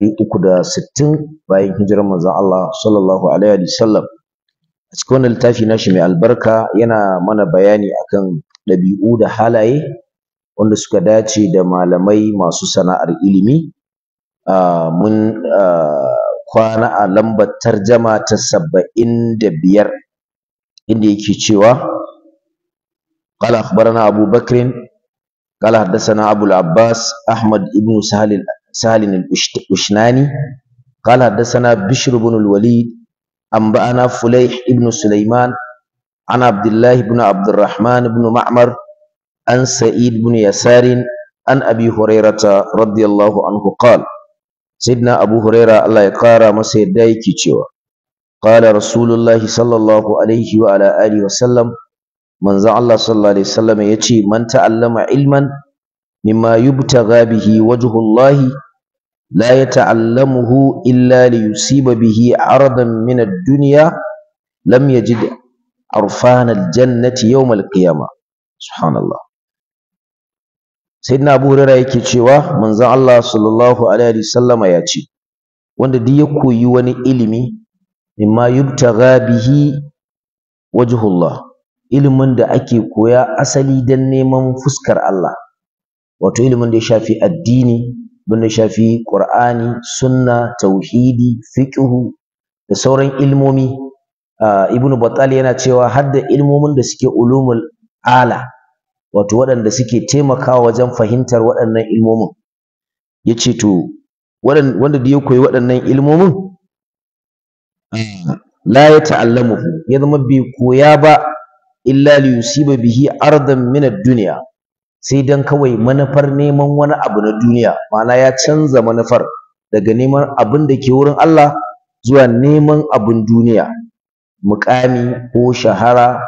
uku da sittin bayan hijirar manzon Allah sallallahu alaihi wasallam a cikin wannan littafi shi mai albarka yana mana bayani akan ɗabi'u da halaye wanda suka dace da malamai masu sana'ar ilimi a mun kwana a lambar tarjama ta saba'in da biyar inda yake cewa قال أخبرنا أبو بكر قال حدثنا أبو العباس أحمد بن سهل سهل الأشناني قال حدثنا بشر بن الوليد أنبأنا فليح بن سليمان عن عبد الله بن عبد الرحمن بن معمر عن سعيد بن يسار عن أبي هريرة رضي الله عنه قال سيدنا أبو هريرة الله يقارى مسيح دايكي قال رسول الله صلى الله عليه وعلى آله وسلم manzon Allah sallallahu alaihi wasallam yace man ta'allama ilman mimma yubtagha bihi wajhullahi la yata'allamuhu illa li yusiba bihi aradan min ad-dunya lam yajid arfan al-jannati yau, al-qiyamah subhanallah sayyidina abu yake cewa manzon Allah sallallahu ya ce wanda duk ya koyi wani ilimi mimma yubtagha bihi wajhullah ilimin da ake koya asali dan neman fuskar Allah wato ilimin da ya shafi addini abin shafi qur'ani sunna tauhidi fiqhu da sauran ilmomi ibn battal yana cewa har da ilmomin da suke ulumul ala wato waɗanda suke taimakawa wajen fahimtar waɗannan ilmomin yace to wanda da ya koyi waɗannan ilmomin la ya ta'allamuhu ya zama bai koya ba illa li yusiba bihi ardan min ad-dunya sai dan kawai manufar neman wani abu na duniya ma'ana ya canza manufar daga neman abin da ke wurin Allah zuwa neman abin duniya mukami ko shahara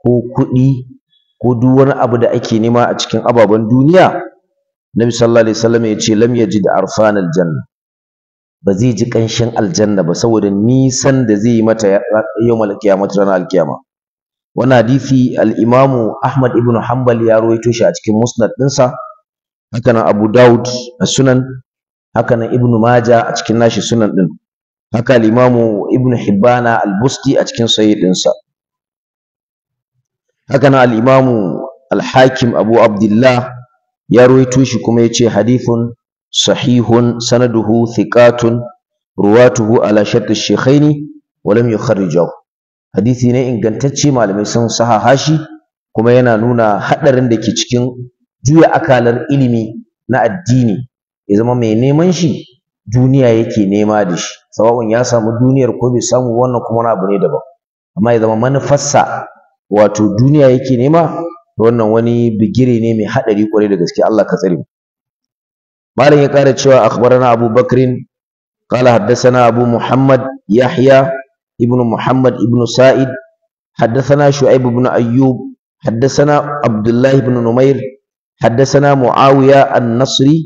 ko kuɗi ko duk wani abu da ake nema a cikin ababen duniya Nabi sallallahu alaihi wasallam ya ce lam yajid arfan aljanna ba zai ji ƙanshin aljanna ba saboda nisan da zai yi mata yau qiyamah ranar alkiyama Wani hadisi Al'imamu Ahmad ibn Hanbal ya rawaito shi a cikin Musnad ɗinsa haka nan Abu Dawud a Sunan haka nan Ibn Majah a cikin nashi Sunan ɗin haka Al'imamu Ibn Hibbana al-Busti a cikin sayi ɗinsa haka nan al-Imam al-Hakim Abu Abdullah ya rawaito shi kuma ce hadithun sahihun sanaduhu thiqatun ruwatuhu ala shaqqi shaykhaini walam yukharrijahu hadisi ne ingantacce malamai sun saha shi kuma yana nuna haɗarin da ke cikin juya akalar ilimi na addini ya zama mai neman shi duniya yake nema da shi sawa'un ya samu duniyar ko bai samu wannan kuma wani abu ne daban amma ya zama manufarsa wato duniya yake nema wannan wani bigire ne mai haɗari kwarai da gaske Allah ka tsare mu malam ya ƙara cewa akhbarana Abu Bakrin qala na Abu Muhammad Yahya ابن محمد ابن سائد حدثنا شعيب بن أيوب حدثنا عبد الله بن نمير حدثنا معاوية النصري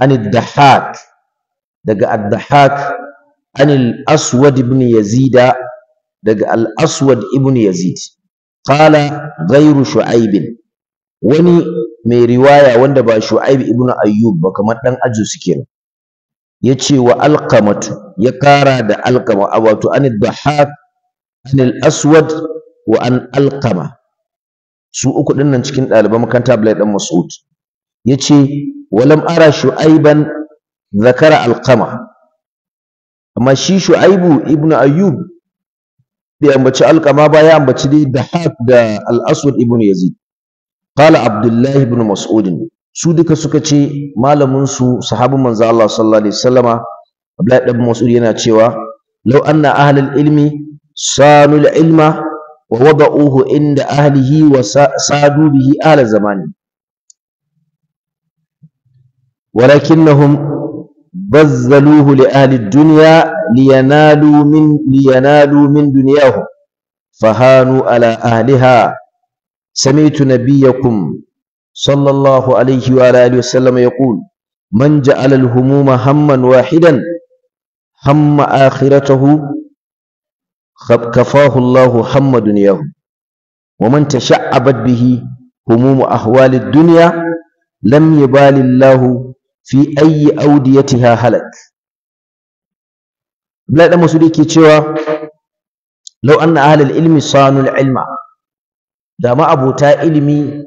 عن الضحاك دقى الضحاك عن الأسود بن يزيد دقى الأسود ابن يزيد قال غير شعيب وني mai riwaya wanda ba Shu'aib ibn Ayyub ba kamar dan Ajuz kenan ya ce wa alqamat ya kara da alqama wato an dhahak an aswad wa an alkama. su uku din nan cikin ɗaliban makaranta Abdullahi ɗan Mas'ud yace walam ara shu'aiban zakara alkama, amma shi shu'aibu Ibn ayyub bai ambaci alkama ba ya ambaci dai dhahak da al-aswad ibnu yazid qala abdullahi ibn mas'ud su duka suka ce malamin su sahabin manzo Allah sallallahu alaihi wasallama Abdullahi ibn Mas'ud yana cewa law anna ahlul ilmi sanu ilma wa wada'uhu inda ahlihi wa sadu bihi ahla zamani walakinnahum بذلوه لأهل الدنيا لينالوا من لينالوا من دنياهم فهانوا على أهلها سمعت نبيكم صلى الله عليه وعلى آله وسلم يقول من جعل الهموم هما واحدا هم آخرته كفاه الله هم دنياه ومن تشعبت به هموم أحوال الدنيا لم يبال الله في أي أوديتها هلك بلا دم سديكي cewa لو أن أهل العلم صانوا العلم da ma abota ilimi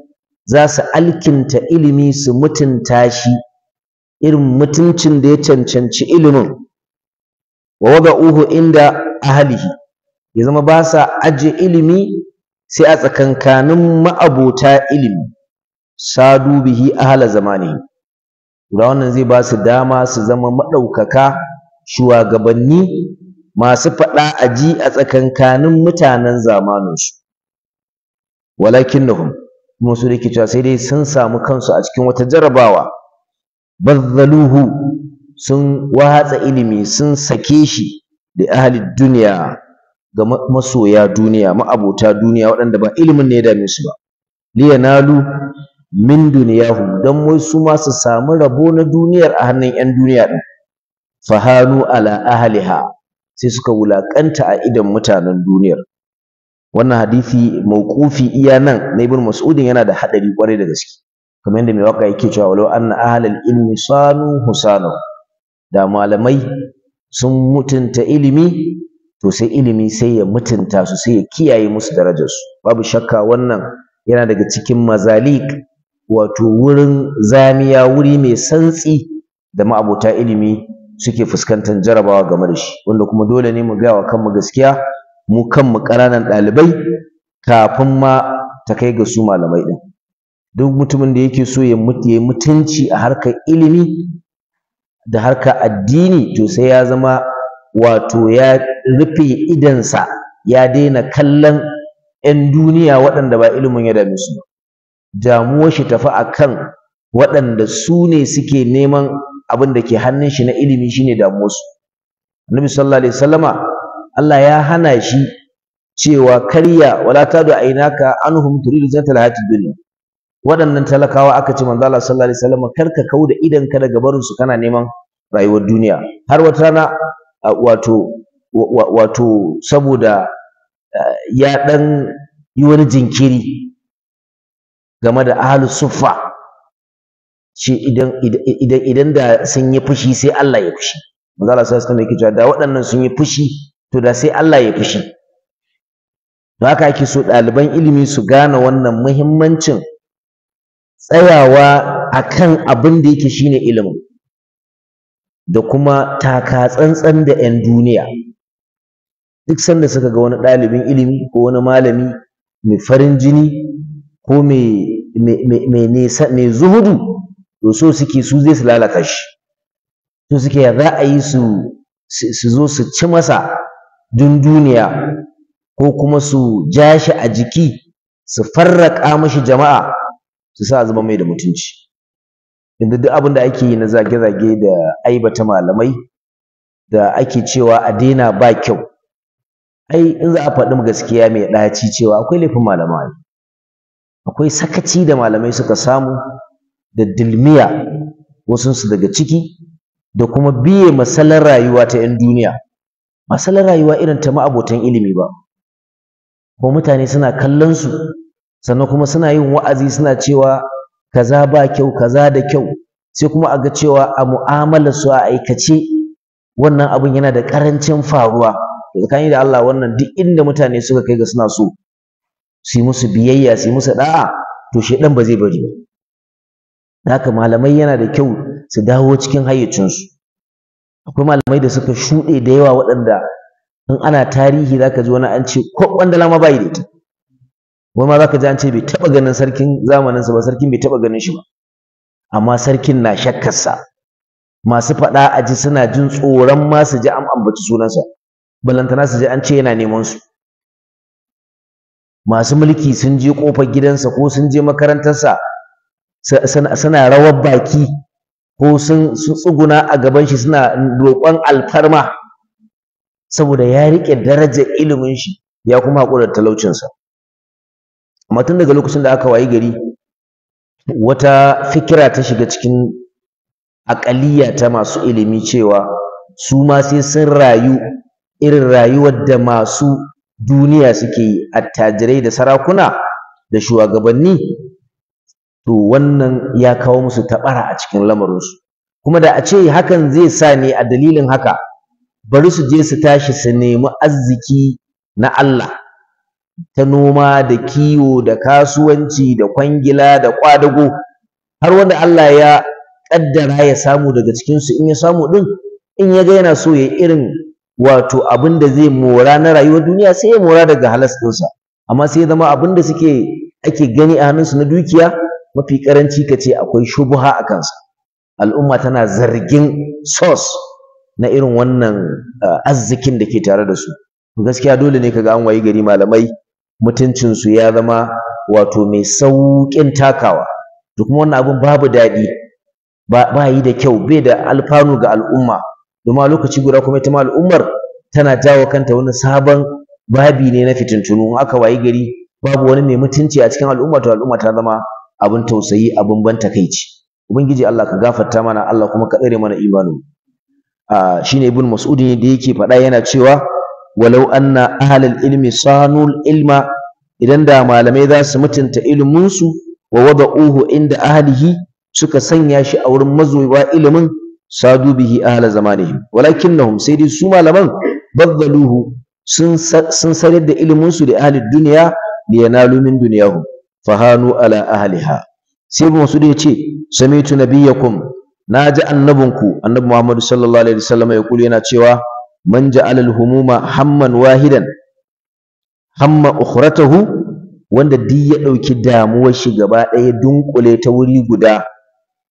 za su alkinta ilimi su mutunta shi irin mutuncin da ya cancanci ilimin wa wada'uhu inda ahlihi ya zama ba sa aje ilimi sai a tsakankanin ma'abota ilimi sadu bihi ahla zamani da wannan zai ba su dama su zama maɗaukaka shugabanni masu faɗa aji a tsakankanin mutanen zamaninsu walakinnahum kuma su dake cewa sai dai sun samu kansu a cikin wata jarabawa bazzaluhu sun watsa ilimi sun sake shi da ahli duniya ga masoya duniya ma'abota duniya waɗanda ba ilimin ne ya dame su ba liyanalu min duniyahu, dan wai su ma su samu rabo na duniyar a hannun yan duniya din fahanu ala ahliha sai suka wulaƙanta a idon mutanen duniyar wannan hadisi mauqufi iya nan na ibn mas'udin yana da hadari kwarai da gaske kamar yadda mai waka yake cewa walau anna ahlal ilmi sanu husanu da malamai sun mutunta ilimi to sai ilimi sai ya mutunta su sai ya kiyaye musu darajarsu babu shakka wannan yana daga cikin mazalik wato wurin zamiya wuri mai santsi da ma'abota ilimi suke fuskantar jarabawa game da shi wanda kuma dole ne mu gaya wa kanmu gaskiya mu kanmu ƙananan ɗalibai kafin ma ta kai ga su malamai ɗin duk mutumin da yake so ya mutunci a harkar ilimi da harkar addini to sai ya zama wato ya rufe idansa ya daina kallon 'yan duniya waɗanda ba ilimin ya dame su damuwar shi tafi kan waɗanda su ne suke neman abin da ke hannun shi na ilimi shine damuwarsu annabi sallallahu alaihi wasallama Allah ya hana shi cewa karya wala tadu ainaka anhum turidu zatal hati dunya waɗannan talakawa aka ce manzo Allah sallallahu alaihi wasallam karka kauda idan ka daga barin su kana neman rayuwar duniya har wata rana wato wato saboda ya dan yi wani jinkiri game da ahlu suffa shi idan idan idan da sun yi fushi sai Allah ya fushi manzo Allah sallallahu alaihi wasallam yake cewa da waɗannan sun yi fushi to da sai Allah ya fushi don haka ake so ɗaliban ilimi su gane wannan muhimmancin tsayawa akan abin da yake shine ilimin da kuma taka tsantsan da 'yan duniya duk sanda suka ga wani ɗalibin ilimi ko wani malami mai farin jini ko mai zuhudu to so suke su zai su lalata shi to suke ya za a yi su zo su ci masa dunduniya ko kuma su ja shi a jiki su farraka mashi jama'a su sa zuba mai da mutunci inda duk abin da ake yi na zage-zage da aibata malamai da ake cewa a daina ba kyau ai in za a faɗi gaskiya mai ɗaci cewa akwai laifin malamai akwai sakaci da malamai suka samu da dilmiya wasunsu daga ciki da kuma biye masalar rayuwa ta 'yan duniya ba rayuwa irin ta ma'abotan ilimi ba ko mutane suna kallon su sannan kuma suna yin wa'azi suna cewa kaza ba kyau kaza da kyau sai kuma a ga cewa a mu'amalar su a aikace wannan abun yana da karancin faruwa tsakani da Allah wannan duk inda mutane suka kai ga suna so su yi musu biyayya su yi musu da'a to dan ba zai bari ba haka malamai yana da kyau su dawo cikin hayyacinsu akwai malamai da suka shuɗe da yawa waɗanda in ana tarihi ka ji wani an ce ko wanda lama bai da ita wani ma zaka ji an ce bai taɓa ganin sarkin zamaninsa ba sarkin bai taɓa ganin shi ba amma sarkin na shakkarsa masu faɗa a ji suna jin tsoron ma su ji an ambaci sunansa balantana su ji an ce yana neman su masu mulki sun je ƙofar gidansa ko sun je makarantarsa suna rawar baki ko sun tsuguna a gaban shi suna roƙon alfarma saboda ya riƙe darajar ilimin shi ya kuma haƙura da talaucinsa amma tun daga lokacin da aka wayi gari wata fikira ta shiga cikin aƙaliya ta masu ilimi cewa su ma sai sun rayu irin rayuwar da masu duniya suke yi attajirai da sarakuna da shugabanni to wannan ya kawo musu tabara a cikin lamarinsu kuma da a ce hakan zai sa ne a dalilin haka bari su je su tashi su nemi arziki na Allah ta noma da kiwo da kasuwanci da kwangila da kwadago har wanda Allah ya ƙaddara ya samu daga cikinsu in ya samu din in ya ga yana so ya irin wato abin da zai mora na rayuwar duniya sai ya mora daga halas ɗinsa amma sai ya zama abin da suke ake gani a hannunsu na dukiya mafi karanci ka ce akwai shubuha a kansa al'umma tana zargin source na irin wannan ah, arzikin da ke tare da su gaskiya dole ne kaga an wayi gari malamai mutuncinsu ya zama wato mai sauƙin takawa da kuma wannan abin babu daɗi ba yi da kyau bai da alfanu ga al'umma domin lokaci guda kuma ita al'ummar tana jawo kanta wani sabon babi ne na fitintunu aka wayi gari babu wani mai mutunci a cikin al'umma to al'umma ta zama abin tausayi abin ban takeici ubangiji Allah ka gafarta mana Allah kuma ka tsare mana imanu a shine ibn mas'ud ne da yake faɗa yana cewa walau anna ahlul ilmi sanul ilma idan da malamai za su mutunta ilimin su wa wada'uhu inda ahlihi suka sanya shi a wurin mazoya ilimin sadu bihi ahla zamanihim walakinnahum sai dai su malaman baddaluhu sun sun sarar da ilimin su da ahli duniya liyanalu min dunyahum fahanu ala ahliha sai ibn mas'ud ya ce sami'tu nabiyyakum ji annabinku annabi Muhammadu sallallahu alaihi wasallam ya kula yana cewa man ja'ala al-humuma hamman wahidan hamma ukhratahu wanda duk ya dauki damuwar shi gaba ɗaya dunkule ta wuri guda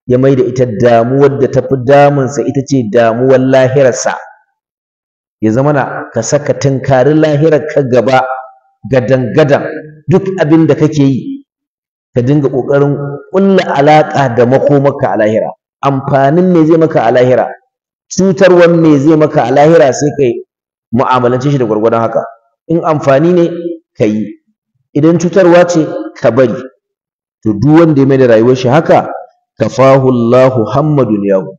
ya mai da ita damuwar da tafi damunsa ita ce damuwar lahirarsa ya zama na ka saka tunkarin lahirar ka gaba gadan gadan duk abin da kake yi ka dinga ƙoƙarin ƙulla alaƙa da makomarka a lahira amfanin me zai maka a lahira cutarwar me zai maka a lahira sai kai mu'amalance shi da gwargwadon haka in amfani ne ka yi idan cutarwa ce ka bari to duk wanda ya mai da rayuwar shi haka kafahu Allahu hamma duniyahu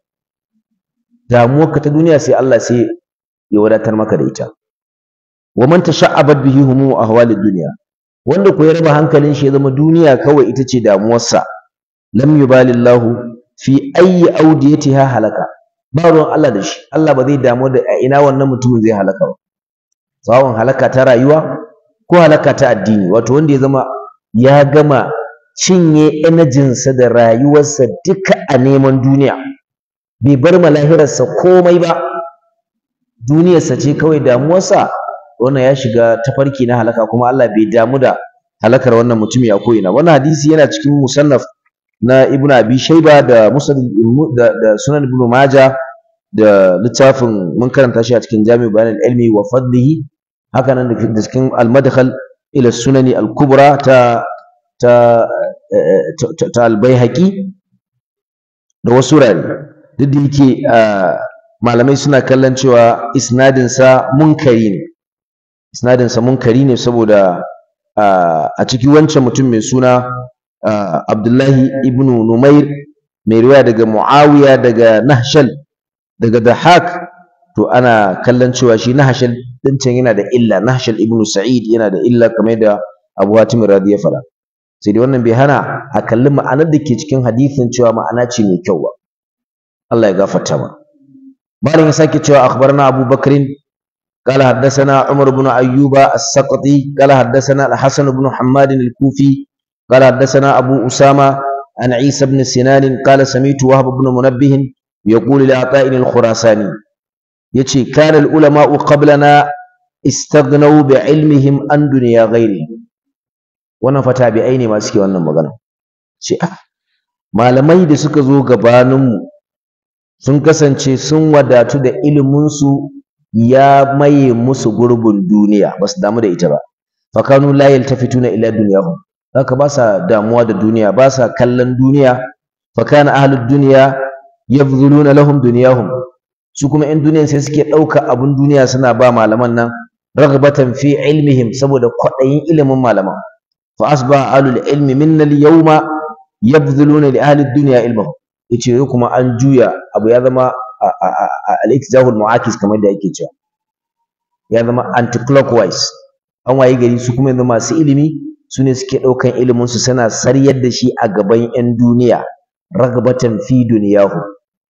damuwarka ta duniya sai Allah sai ya wadatar maka da ita wa man tasha'abat bihi humu ahwalid duniya. wanda ko ya raba hankalin shi ya zama duniya kawai ita ce damuwarsa lam yubali Allah fi ayyi ha halaka ba ruwan Allah da shi Allah ba zai damu da ina wannan mutumin zai halaka ba tsawon halaka ta rayuwa ko halaka ta addini wato wanda ya zama ya gama cinye energinsa da rayuwarsa duka a neman duniya bai bar malahirarsa komai ba duniyarsa ce kawai damuwarsa wannan ya shiga tafarki na halaka kuma Allah bai damu da halakar wannan mutumi a ko'ina wannan hadisi yana cikin musannaf na ibnu abi shayba da musnad da, sunan ibnu maja da littafin mun karanta shi a cikin jami'u bayan ilmi wa fadlihi haka nan da cikin al-madkhal ila sunani al-kubra ta ta ta, al da wasu rari duk da yake ah, malamai suna kallon cewa isnadin munkari ne isnadinsa munkari ne saboda a ciki wancan mutum mai suna abdullahi ibnu numair mai riwaya daga muawiya daga nahshal daga dahak to ana kallon cewa shi nahshal din can yana da illa nahshal Ibn sa'id yana da illa kamar da abu hatim radi ya fara sai dai wannan bai hana a kalli ma'anar da ke cikin hadisin cewa ma'ana ce mai kyau ba Allah ya gafarta ba. bayan ya sake cewa akhbarna abubakrin قال حدثنا عمر بن أيوب السقطي قال حدثنا الحسن بن حماد الكوفي قال حدثنا أبو أسامة عن عيسى بن سنان قال سميت وهب بن منبه يقول لعطاء الخراساني يتي كان العلماء قبلنا استغنوا بعلمهم عن دنيا غيرهم wannan fa tabi'ai ne masu ke wannan magana ce ah malamai da suka zo gabaninmu sun kasance sun wadatu da iliminsu ya maye musu gurbin duniya ba su damu da ita ba fakanu la yaltafituna ila dunyahum haka ba sa damuwa da duniya ba sa kallon duniya fakana ahlud dunya yabdhuluna lahum dunyahum su kuma yan duniyan sai suke ɗauka abun duniya suna ba malaman nan ragbatan fi ilmihim saboda kwaɗayin ilimin malaman fa asba ahlul ilmi minna al-yawma yabdhuluna li ahli dunya ilmahum yace kuma an juya abu ya zama al-iktijahul mu'akis kamar da yake cewa ya zama anti-clockwise an waye gari su kuma yanzu masu ilimi su ne suke ɗaukan ilimin suna saryar da shi a gaban 'yan duniya ragbatan fi duniyahu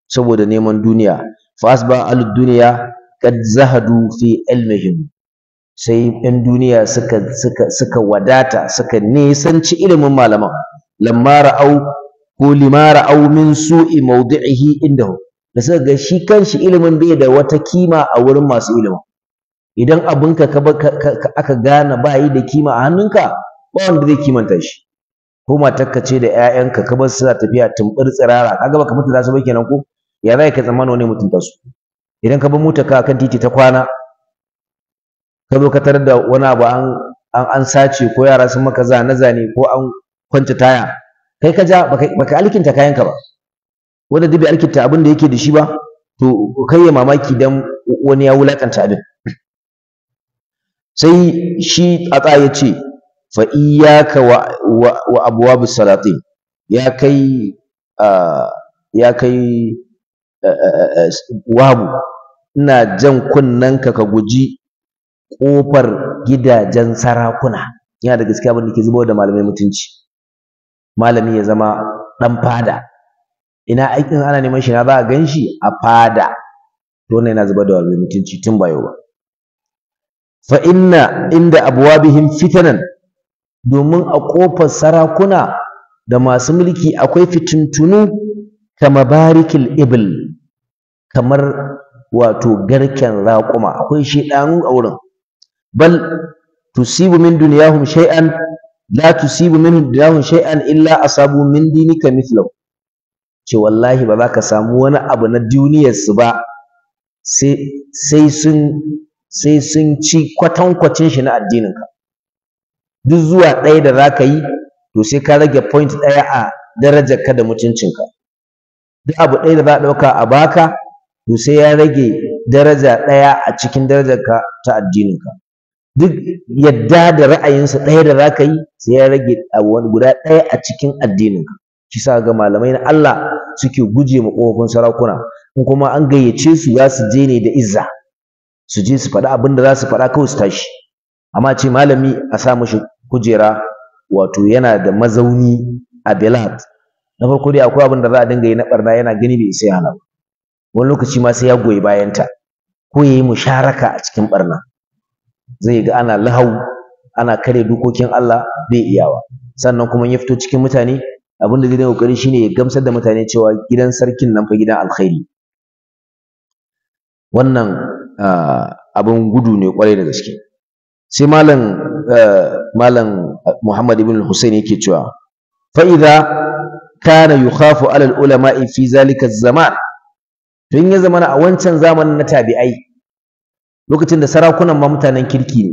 saboda neman duniya fasba al duniya kad zahadu fi ilmihim sai 'yan duniya suka suka suka wadata suka nisanci ilimin malaman lamma ra'au ko lima ra'au min su'i mawdi'ihi indahu da suka ga shi kanshi ilimin bai da wata kima a wurin masu ilimin idan abinka ka aka gane ba yi da kima a hannunka ba wanda zai kimanta shi ko matarka ce da 'ya'yanka ka bar suna tafiya tumbur tsirara kaga baka mutunta su ba kenan ko ya za ka tsammana wani mutunta su idan ka bar motar kan titi ta kwana ka zo ka tarar da wani abu an an sace ko yara sun maka zane zane ko an kwanta taya kai ka ja baka alkinta kayanka ba wanda duk bai alkinta abin da yake da shi ba to kai ya mamaki dan wani ya wulakanta abin sai shi atsa ya ce fa iyyaka wa wa abwab salatin ya kai ya kai wabu ina jan kunnanka ka guji kofar gidajen sarakuna yana da gaskiya abin da ke zubo da malamai mutunci malami ya zama dan fada ina aikin ana neman shi na za gan shi a fada to ne na zuba da wani mutunci tun bayo ba fa inna inda abwabihim fitanan domin a kofar sarakuna da masu mulki akwai fitintunu kama barikil ibil kamar wato garken raƙuma akwai shedanu a wurin bal tusibu min duniyahum shay'an la tusibu min duniyahum shay'an illa asabu min dinika mithlahu ce wallahi ba za ka samu wani abu na su ba sai sun sai sun ci kwatankwacin shi na addininka duk zuwa ɗaya da za ka yi to sai ka rage point ɗaya a darajar ka da mutuncinka duk abu ɗaya da za a ɗauka a baka to sai ya rage daraja ɗaya a cikin darajarka ta addininka duk yadda da ra'ayinsa ɗaya da za ka yi sai ya rage abu wani guda ɗaya a cikin addininka shi ga malamai na Allah suke guje ma kofofin sarakuna in kuma an gayyace su za su je ne da izza su je su faɗi abin da za su faɗa kawai su tashi amma ce malami a sa mashi kujera wato yana da mazauni a Belat na farko dai akwai abin da za a dinga yi na barna yana gani bai sai yana wani lokaci ma sai ya goyi bayanta ko yayi yi musharaka a cikin barna zai ga ana lahau ana kare dokokin Allah bai iyawa sannan kuma ya fito cikin mutane abinda zai dinga kokari shine ya gamsar da mutane cewa gidan sarkin nan fa gidan alkhairi wannan ah, abin gudu ne kwarai da gaske sai malam eh, malam Muhammad ibn Hussein yake cewa fa idza kana yukhafu ala ulama'i fi zalika zaman tun ya zamana a wancan zamanin na tabi'ai lokacin da sarakunan ma mutanen kirki ne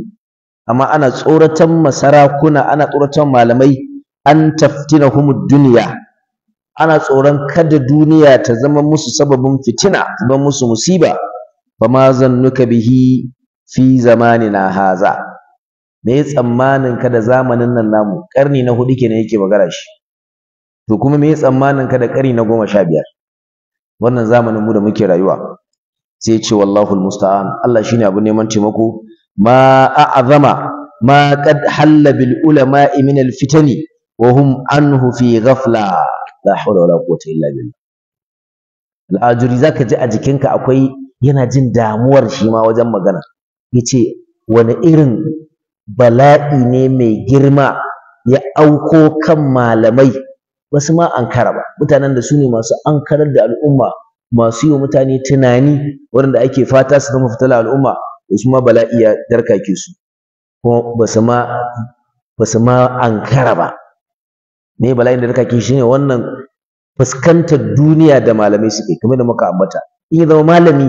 amma ana tsoratan masarakuna ana tsoratar malamai an taftinahum dunya ana tsoron kada duniya ta zama musu sababin fitina ba musu musiba fama zannuka bihi fi zamanina haza me tsammanin ka zamanin nan namu karni na hudu kenan yake magana shi to kuma me tsammanin ka da karni na goma sha biyar wannan zamanin mu da muke rayuwa sai ce wallahu almusta'an Allah shine abu neman taimako ma a'azama ma qad halla bil ulama'i min al fitani wa hum anhu fi ghafla la hawla wala quwwata illa billah al'ajuri zaka ji a jikinka akwai yana jin damuwar shi ma wajen magana yace wani irin bala'i ne mai girma ya auko kan malamai wasu ma ankara ba mutanen da su ne masu ankarar da al'umma masu yi wa mutane tunani waɗanda ake fata su zama fitila al'umma wasu ma bala'i ya darkake su kuma ba ma ankara ba ne bala'in da raka ki shine wannan fuskantar duniya da malamai suke kamar da muka ambata in ya zama malami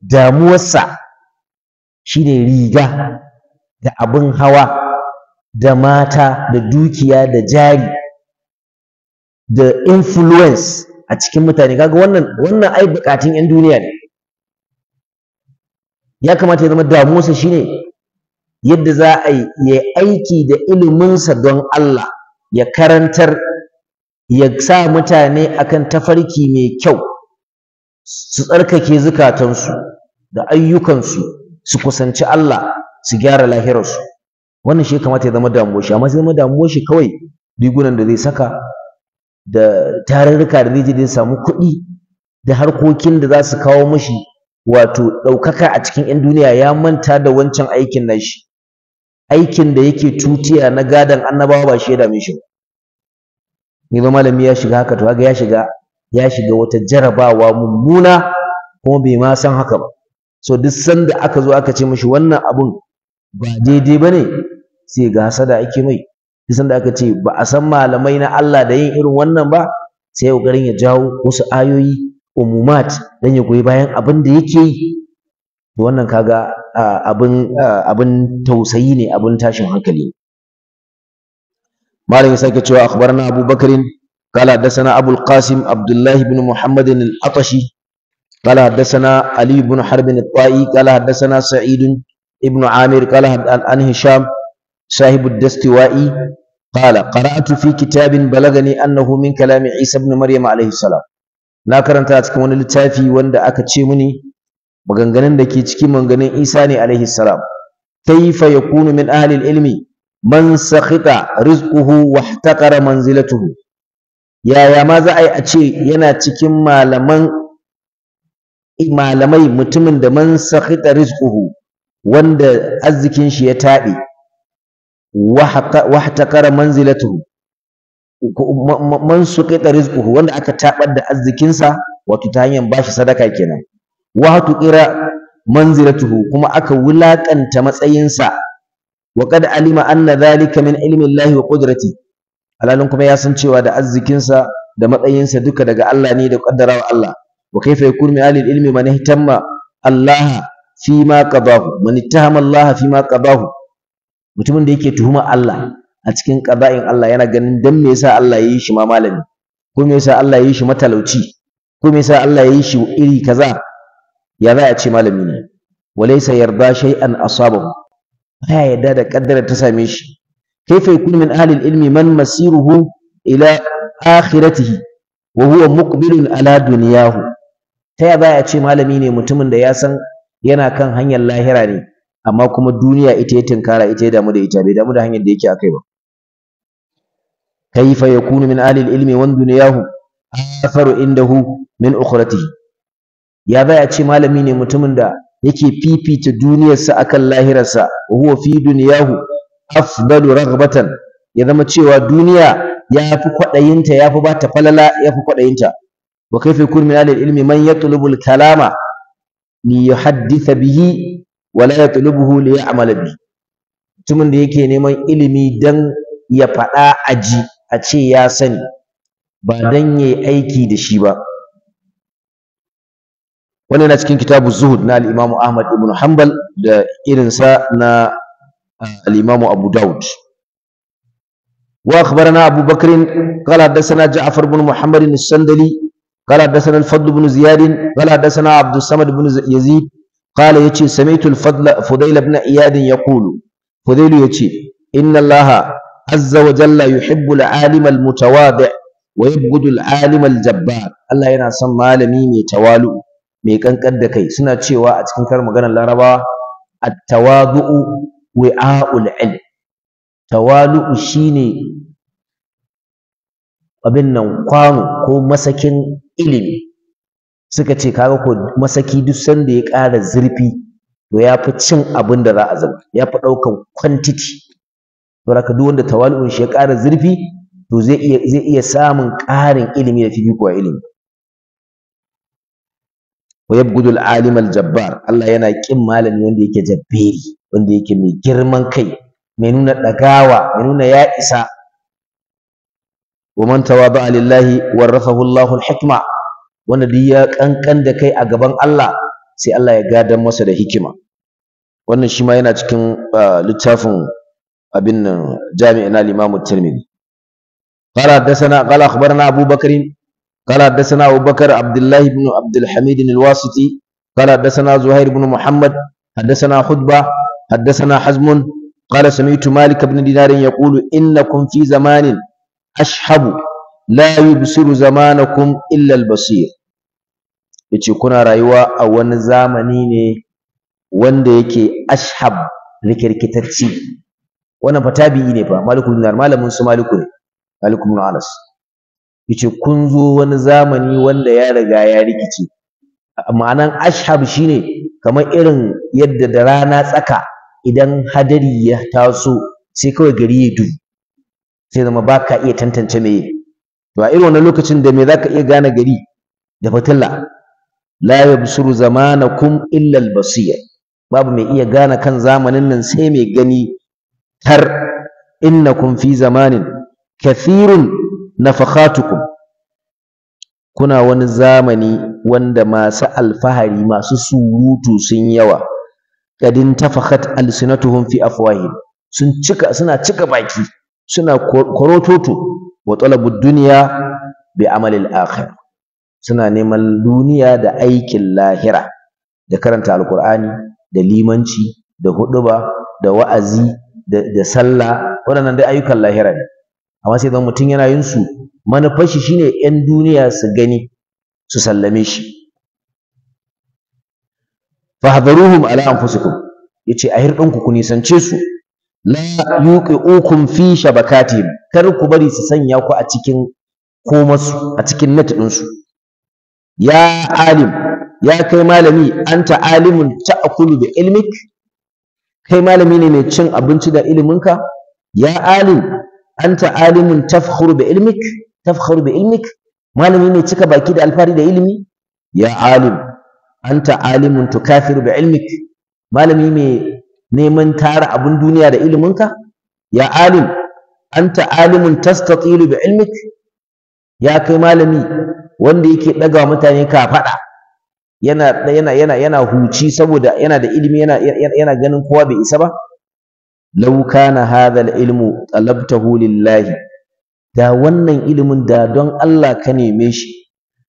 damuwarsa shine riga da abin hawa da mata da dukiya da jari da influence a cikin mutane kaga wannan wannan ai bukatun yan duniya ne ya kamata ya zama damuwarsa shine yadda za a yi aiki da iliminsa don Allah ya karantar ya sa mutane akan tafarki mai kyau su tsarkake zukatansu da ayyukansu su kusanci Allah su gyara lahirarsu wannan shi kamata ya zama damuwar shi amma sai zama damuwar shi kawai rigunan da zai saka da tarurruka da zai je samu kuɗi da harkokin da za su kawo mashi wato ɗaukaka a cikin 'yan duniya ya manta da wancan aikin nashi aikin da yake tutiya na gadon annabawa ba shi ya dame shi ba malami ya shiga haka to ga ya shiga ya shiga wata jarabawa mummuna kuma bai ma san haka ba so duk sanda aka zo aka ce mishi wannan abun ba daidai ba ne sai ga hasada ake mai duk sanda aka ce ba a san malamai na Allah da yin irin wannan ba sai ƙoƙarin ya jawo wasu ayoyi umumat dan ya goyi bayan abin da yake yi wannan kaga abin abin tausayi ne abin tashin hankali malam ya sake cewa akhbarna Abu Bakr قال حدثنا أبو القاسم عبد الله بن محمد العطشي قال حدثنا علي بن حرب الطائي قال حدثنا سعيد ابن عامر قال عن هشام صاحب الدستوائي قال قرأت في كتاب بلغني أنه من كلام عيسى بن مريم عليه السلام na karanta a cikin wani littafi wanda aka ce mini maganganun da ke cikin maganganun Isa ne alaihi salam kaifa kunu min ahli ilmi man sakhita rizquhu wa ihtaqara manzilatuhu yaya ma za a yi a ce yana cikin malaman malamai mutumin da man sakhita rizquhu wanda arzikin shi ya taɓe wa ihtaqara manzilatuhu man suqita rizquhu wanda aka tabar da arzikinsa wato ta hanyar bashi sadaka kenan wa kira manzilatuhu kuma aka wulakanta matsayinsa wa qad alima anna dhalika min ilmi llahi wa qudrati alalun kuma ya san cewa da arzikinsa da matsayinsa duka daga Allah ne da kaddarawa Allah wa kaifa yakun min ahli ilmi man ihtamma Allah fi ma qadahu man ittahama Allah fi ma qadahu mutumin da yake tuhuma Allah a cikin qada'in Allah yana ganin dan me yasa Allah ya shi ma malami ko me yasa Allah ya shi matalauci ko me yasa Allah ya shi iri kaza ya za a ce malami ne walaysa yarda shay'an asabahu ya yarda da kaddara ta same shi kaifa yakun min ahli ilmi man masiruhu ila akhiratihi wa huwa muqbilun ala dunyahu ta ya a ce malami ne mutumin da ya san yana kan hanyar lahira ne amma kuma duniya ita ya tinkara ita ya damu da ita bai damu da hanyar da yake akai ba kaifa yakunu min ahli ilmi wan dunyahu afaru indahu min ukhratihi ya baya ce malami ne mutumin da yake fifita duniyarsa akan lahirarsa wa huwa fi dunyahu afdalu raghbatan ya zama cewa duniya ya fi kwaɗayinta ya fi bata falala ya fi kwaɗayinta wa kaifa yakun min ahli ilmi man yatlubu al-kalama li yuhaddith bihi wa la yatlubuhu li ya'mala bihi mutumin da yake neman ilimi dan ya faɗa aji a ce ya sani ba dan yayi aiki da shi ba wani yana cikin kitabu zuhud na al'imamu ahmad ibn hanbal da irinsa na al'imamu abu daud واخبرنا ابو بكر قال حدثنا جعفر بن محمد السندلي قال حدثنا الفضل بن زياد قال حدثنا عبد الصمد بن يزيد قال يتي سمعت الفضل فضيل بن اياد يقول فضيل يتي ان الله عز وجل يحب العالم المتواضع ويبغض العالم الجبار الله ينا سن malami mai tawalu mai kankan da kai suna cewa a cikin karin maganar larabawa at-tawadu'u wi'a'ul ilm tawalu'u shine abin nan kwano ko masakin ilimi suka ce kaga ko masaki duk da ya ƙara zurfi to ya fi cin abin da za a zama ya fi ɗaukan quantity to haka duk wanda tawalu'un shi ya ƙara zurfi to zai iya zai iya samun ƙarin ilimi da fifiko a ilimi wa yabghudul alim jabbar Allah yana ƙin malami wanda yake jabberi wanda yake mai girman kai mai nuna ɗagawa, mai nuna ya isa wa man tawaba lillahi warafahu Allahu al-hikma wanda duk ya kankan da kai a gaban Allah sai Allah ya gadan masa da hikima wannan shi ma yana cikin ah, littafin abin nan jami'in al-Imam at-Tirmidhi قال حدثنا قال اخبرنا ابو بكر قال حدثنا ابو بكر عبد الله بن عبد الحميد الواسطي قال حدثنا زهير بن محمد حدثنا خطبه حدثنا حزم قال سمعت مالك بن دينار يقول انكم في زمان اشحب لا يبصر زمانكم الا البصير yace kuna rayuwa a wani zamani ne wanda yake ashab rikirkitacci wannan fa tabi'i ne fa malikul dinar malamin su maliku ne maliku ibn anas yace kun zo wani zamani wanda ya riga ya rikice ma'anan ashab shine kamar irin yadda da rana tsaka idan hadari ya taso sai kawai gari ya du sai zama baka iya tantance meye to a irin wannan lokacin da me zaka iya gane gari da fatilla la yabsuru zamanakum illa albasir babu mai iya gane kan zamanin nan sai mai gani har innakum fi zamanin kathirun nafakatukum kuna wani zamani wanda masu alfahari masu surutu sun yawa kadin tafakat alsinatuhum fi afwahihim sun cika suna cika baki suna korototo wa talabud dunya bi amalil akhir suna neman duniya da aikin lahira da karanta alqur'ani da limanci da huduba da wa'azi da, da sallah waɗannan dai ayyukan lahira ne amma sai dan mutum yana yin su manufar shi shine ƴan duniya su gani su sallame shi fahdharuhum ala anfusikum yace a hirdinku ku nisance su la yuqiukum fi shabakatihim kar ku bari su sanya ku a cikin komasu, a cikin net ɗinsu ya alim ya kai malami anta alimun ta'kulu bi ilmik kai malami ne mai cin abinci da iliminka ya alim anta alimun tafkhuru bi ilmik tafkhuru bi ilmik malami mai cika baki da alfari da ilimi ya alim anta alimun tukafiru bi ilmik malami mai neman tara abun duniya da iliminka ya alim anta alimun tastatilu bi ilmik ya kai malami wanda yake daga mutane ka faɗa yana yana yana yana huci saboda yana da ilimi yana yana ganin kowa bai isa ba law kana hadha al-ilmu talabtahu lillahi da wannan ilimin da don Allah ka neme shi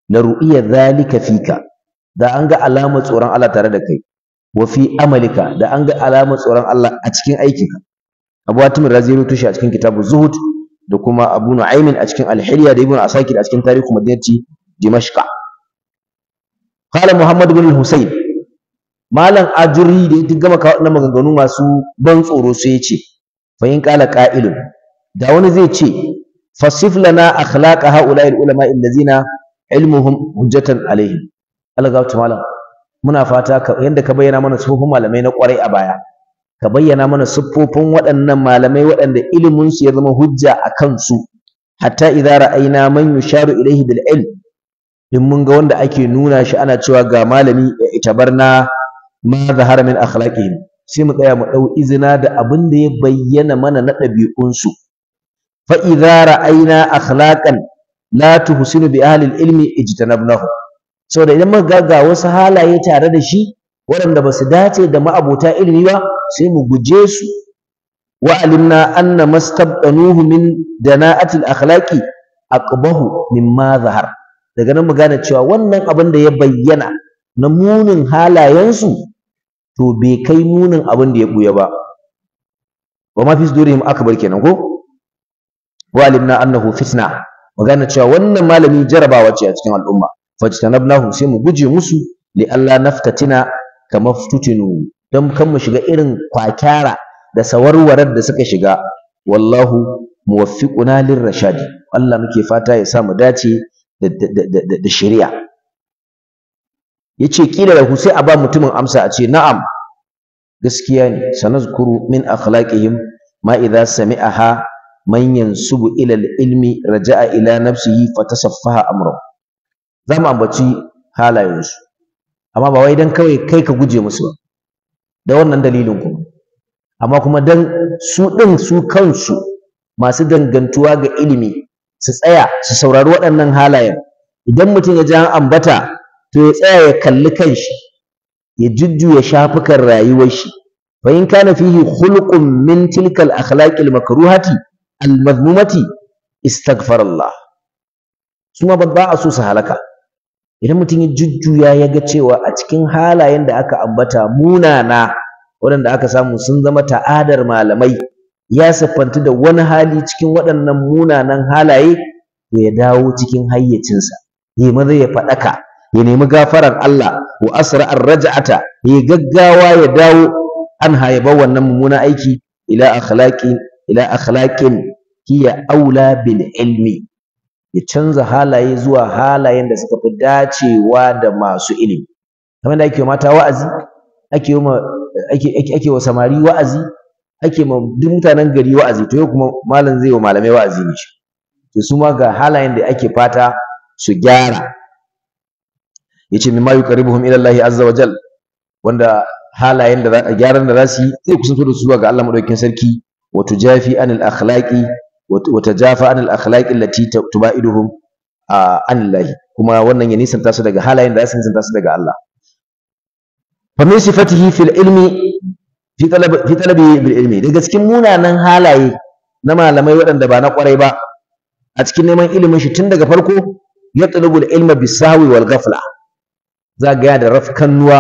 na ru'iya zalika fika da an ga alamar tsoron Allah tare da kai wa fi amalika da an ga alamar tsoron Allah a cikin aikinka Abu Hatim Razi ya tushe a cikin kitabu Zuhud da kuma Abu Nu'aymin a cikin Al-Hilya da Ibn Asakir a cikin Tarihu Madinati Dimashqa qala Muhammad ibn al-Husayn malam ajuri da ya gama kawo na maganganu masu ban tsoro sai ya ce fa in qala qa'ilun da wani zai ce fasif lana akhlaqa haula'il ulama allazina ilmuhum hujjatan alaihim algawtu malam muna fata ka yanda ka bayyana mana sufofin malamai na kwarai a baya ka bayyana mana siffofin waɗannan malamai waɗanda iliminsu ya zama hujja a kansu hatta idza ra'ayna man yusharu ilayhi bil ilm in mun ga wanda ake nuna shi ana cewa ga malami ya itabarna ma zahara min akhlaqihim sai mu tsaya mu dau izina da abin da ya bayyana mana na ɗabi'unsu fa idza ra'ayna akhlaqan la tuhsinu bi ahli ilmi ijtanabnahu saboda idan muka ga wasu halaye tare da shi waɗanda ba su dace da ma'abota ilimi ba sai mu guje su wa alimna anna mastabdanuhu min dana'ati al-akhlaqi aqbahu mimma zahar daga nan mu gane cewa wannan abin da ya bayyana na munin halayensu to bai kai munin abin da ya buya ba wa ma fi aka akbar kenan ko wa alimna annahu fitna magana cewa wannan malami jarabawa ce a cikin al'umma fajtanabnahum sai mu guje musu li Allah naftatina kama futinu don kan mu shiga irin kwakyara da sawarwarar da suka shiga wallahu muwaffiquna lirrashadi Allah muke fata ya sa mu dace da shari'a yace kila lahu sai a ba mutumin amsa a ce na'am gaskiya ne sanazkuru min akhlaqihim ma idza sami'aha man yansubu ila ilmi raja'a ila nafsihi fatasaffaha amru za mu ambaci halayensu amma ba wai dan kawai kai ka guje musu ba da wannan dalilin ku amma kuma dan su din su kansu masu dangantuwa ga ilimi su tsaya su saurari waɗannan halayen idan mutum ya ji an ambata to ya tsaya ya kalli kanshi ya jujjuya shafukan rayuwar shi fa in kana fihi khuluqun min tilka al al makruhati al madhmumati istaghfar Allah kuma ba ba a so su halaka idan mutum ya jujjuya ya ga cewa a cikin halayen da aka ambata munana waɗanda aka samu sun zama ta'adar malamai ya siffantu da wani hali cikin waɗannan munanan halaye ya dawo cikin hayyacinsa ya maza ya faɗaka ya nemi gafaran Allah wa asra raja'ata ya gaggawa ya dawo an hayabar wannan mummunan aiki ila akhlaqin ila akhlaqin hiya aula bil ilmi ya canza halaye zuwa halayen da suka fi dacewa da masu ilimi kamar da ake mata wa'azi ake ake ake wa samari wa'azi ake ma duk mutanen gari wa'azi to yau kuma malam zai wa malamai wa'azi ne shi to su ma ga halayen da ake fata su gyara yace mimma yuqaribuhum ila Allah azza wa jal wanda halayen da gyaran da zasu yi zai kusanto da su zuwa ga Allah madaukakin sarki wa tujafi al akhlaqi wa tajafa al akhlaqi allati tubaiduhum an Allah kuma wannan ya nisanta su daga halayen da zasu nisanta su daga Allah fa min sifatihi fil ilmi fi talabi fi talabi bil ilmi daga cikin munanan halaye na malamai waɗanda ba na kwarai ba a cikin neman ilimin shi tun daga farko yatlubul ilma bisawi wal ghafla za ga da rafkannuwa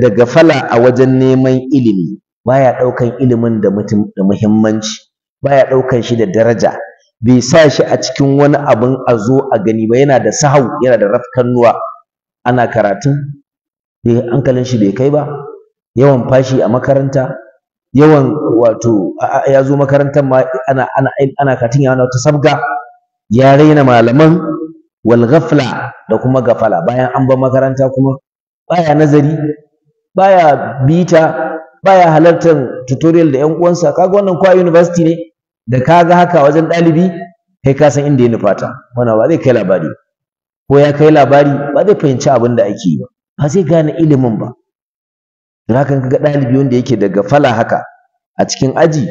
da gafala a wajen neman ilimi baya ɗaukan ilimin da da muhimmanci baya ɗaukan shi da daraja bai sa shi a cikin wani abin a zo a gani ba yana da sahau yana da rafkannuwa ana karatun bai hankalin shi bai kai ba yawan fashi a makaranta yawan wato ya zo makarantar ma ana ana ana katin ya wata sabga ya raina malaman wal ghafla da kuma gafala bayan an ba makaranta kuma baya nazari baya bita baya halartar tutorial da ƴan uwansa kaga wannan kwa university ne da kaga haka wajen ɗalibi kai ka san inda ya nufata wannan ba zai kai labari ko ya kai labari ba zai fahimci abin da ake yi ba ba zai gane ilimin ba don haka kaga ɗalibi wanda yake da gafala haka a cikin aji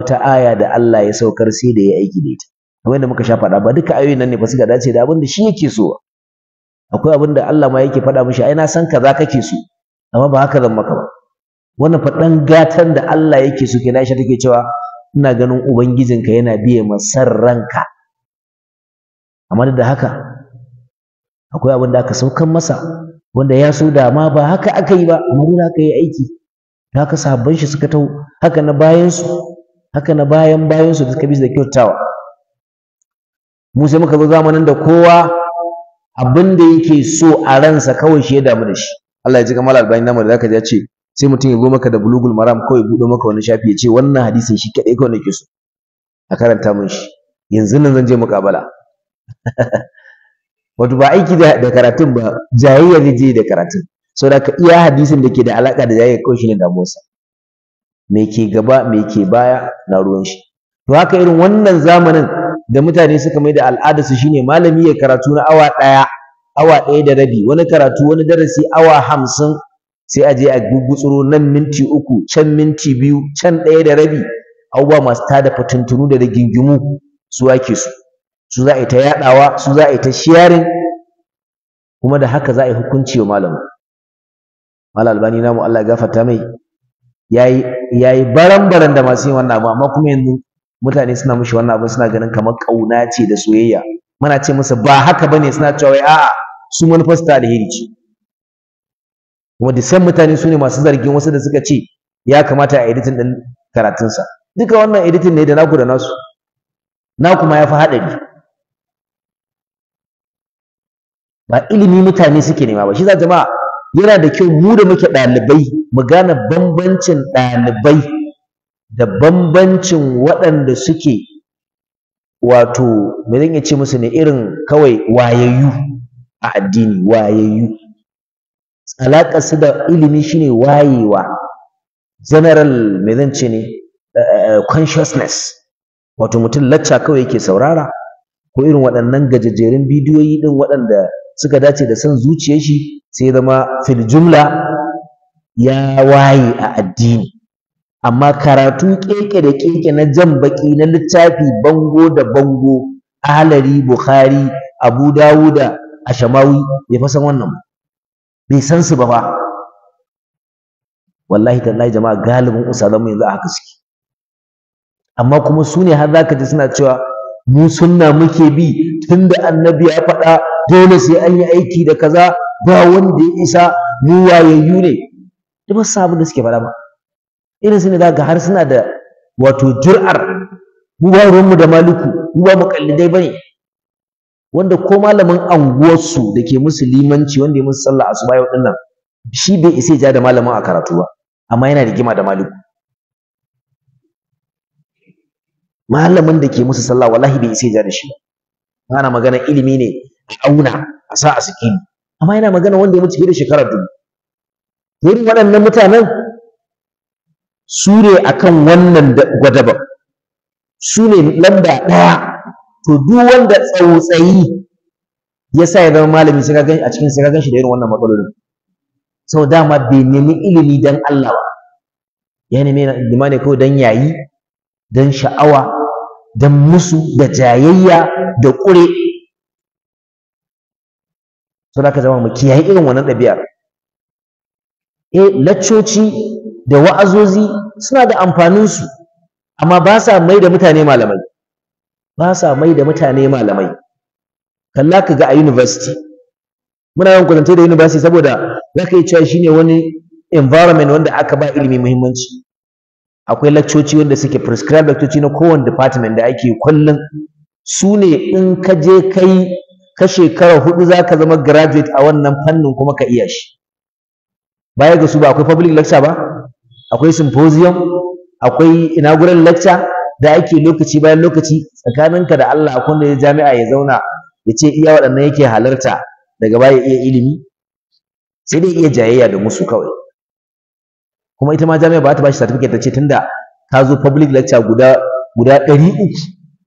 wata aya da Allah ya saukar sai da ya aiki da ita abinda muka sha faɗa ba duka ayoyin nan ne ba ga dace da abinda shi yake so akwai abinda Allah ma yake faɗa mishi ai na san kaza kake so amma ba haka zan maka ba wannan faɗan gatan da Allah yake so kenan shi take cewa ina ganin ubangijinka yana biye ma san ranka amma da haka akwai abinda aka saukan masa wanda ya so da ma ba haka aka yi ba amma dole aka yi aiki haka sahabban shi suka taho haka na bayan su haka na bayan bayan su da suka bi da kyautawa mu sai muka zo zamanin da kowa abin da yake so a ransa kawai shi ya damu da shi Allah ya ji kamar albani namu da zaka ji ya ce sai mutum ya zo maka da bulugul maram kawai bude maka wani shafi ya ce wannan hadisin shi kadai kawai nake so a karanta min shi yanzu nan zan je muƙabala wato ba aiki da karatun ba jayayya ne je da karatun saboda ka iya hadisin da ke da alaƙa da jayayya kawai shi shine damuwarsa me ke gaba me ke baya na ruwan shi to haka irin wannan zamanin da mutane suka mai da al'ada su shine malami ya karatu na awa ɗaya awa ɗaya da rabi wani karatu wani darasi awa hamsin sai a je a gugutsuro nan minti uku can minti biyu can ɗaya da rabi abubuwa masu tada fatuntunu da rigingimu su ake su su za a yi ta yaɗawa su za a yi ta sharing kuma da haka za a yi hukunci wa malamin mala albani namu Allah ya gafarta mai yayi yayi baran-baran da masu yin wannan abu amma kuma yanzu mutane suna mishi wannan abin suna ganin kamar kauna ce da soyayya muna ce musu ba haka bane suna cewa wai a'a su manufarsu ta alheri ce kuma da san mutane su ne masu zargin wasu da suka ce ya kamata a editin din karatunsa duka wannan editin ne da naku da nasu Na kuma ya fi haɗari ba ilimi mutane suke nema ba shi za jama'a yana da kyau mu da muke ɗalibai mu gane bambancin ɗalibai da bambancin waɗanda suke wato me zan ce musu ne irin kawai wayayyu a addini wayayyu alaƙar su da ilimi shine wayewa general me ce ne eh, consciousness wato mutum lacca kawai yake saurara ko irin waɗannan gajajeren bidiyoyi ɗin waɗanda suka dace da son zuciyar shi sai zama fil jumla ya waye a addini amma karatu keke da keke na jan baki na littafi bango da bango halari bukhari abu dawuda shamawi bai fasan wannan bai san su ba ba wallahi tallahi jama'a galibin usalan mu yanzu a haka suke amma kuma su ne har zaka ji suna cewa mu sunna muke bi tunda annabi ya faɗa dole sai an yi aiki da kaza ba wanda ya isa mu wayayyu ne duk ba abin da suke faɗa ba irin su ne za ga har suna da wato jur'ar mu ba ruwanmu da maluku mu ba muƙallidai bane wanda ko malamin anguwarsu da ke musu limanci wanda ya musu sallah asuba yau dinnan shi bai isa ja da malamin a karatu ba amma yana rigima da maluku malamin da ke musu sallah wallahi bai isa ja da shi ba ana magana ilimi ne a auna a sa a sikini amma yana magana wanda ya mutu fiye da shekara dubu irin waɗannan mutanen su ne akan wannan gwadaba su ne lamba ɗaya to duk wanda tsautsayi ya sa ya zama malami sai ka gan a cikin sai ka gan shi da irin wannan matsalolin sau dama bai nemi ilimi dan Allah ba ya nemi ilima ne kawai dan yayi dan sha'awa dan musu da jayayya da ƙure to da ka zama mu kiyaye irin wannan ɗabi'ar eh laccoci da wa'azozi suna da amfaninsu amma ba sa mai da mutane malamai ba sa mai da mutane malamai kalla ka ga a university muna yawan kwatanta da university saboda za ka yi cewa shine wani environment wanda aka ba ilimi muhimmanci akwai laccoci wanda suke prescribe na kowane department da ake kullum su ne in ka je kai ka shekara hudu za ka zama graduate a wannan fannin kuma ka iya shi baya ga su ba akwai public lecture ba akwai symposium akwai inaugural lecture da ake lokaci bayan lokaci tsakaninka da Allah akwai wanda ya jami'a ya zauna ya ce iya waɗannan yake halarta daga baya iya ilimi sai dai iya jayayya da musu kawai kuma ita ma jami'a ba ta bashi certificate ta ce tunda ta zo public lecture guda guda ɗari uku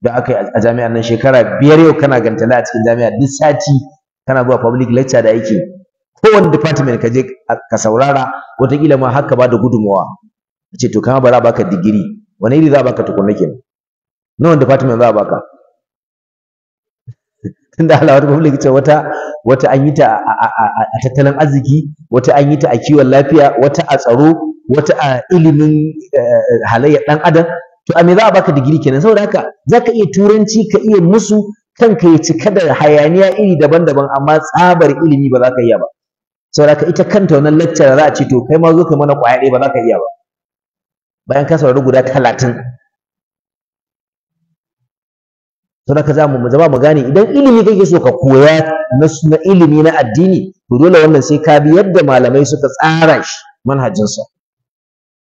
da aka yi a jami'a nan shekara biyar yau kana na a cikin jami'a duk sati kana zuwa public lecture da ake kowane department ka je ka saurara wataƙila ma haka ba da gudunmawa a ce to kama ba za a baka digiri wani iri za a baka tukunna kenan wani department za a baka tunda Allah wata public ce wata wata an yi ta a tattalin arziki wata an yi ta a kiwon lafiya wata a tsaro wata a ilimin eh, halayyar dan adam to a me za a baka digiri kenan saboda haka zaka iya turanci ka iya musu kanka ya cika da hayaniya iri daban-daban amma tsabar ilimi ba za ka iya ba saboda ita kanta wannan lecture za a ce to kai ma zo kai mana kwaya ɗaya ba za ka iya ba bayan ka saurari guda talatin da ka za mu zama mu gane idan ilimi kake so ka koya na ilimi na addini to dole wannan sai ka bi yadda malamai suka tsara shi manhajinsa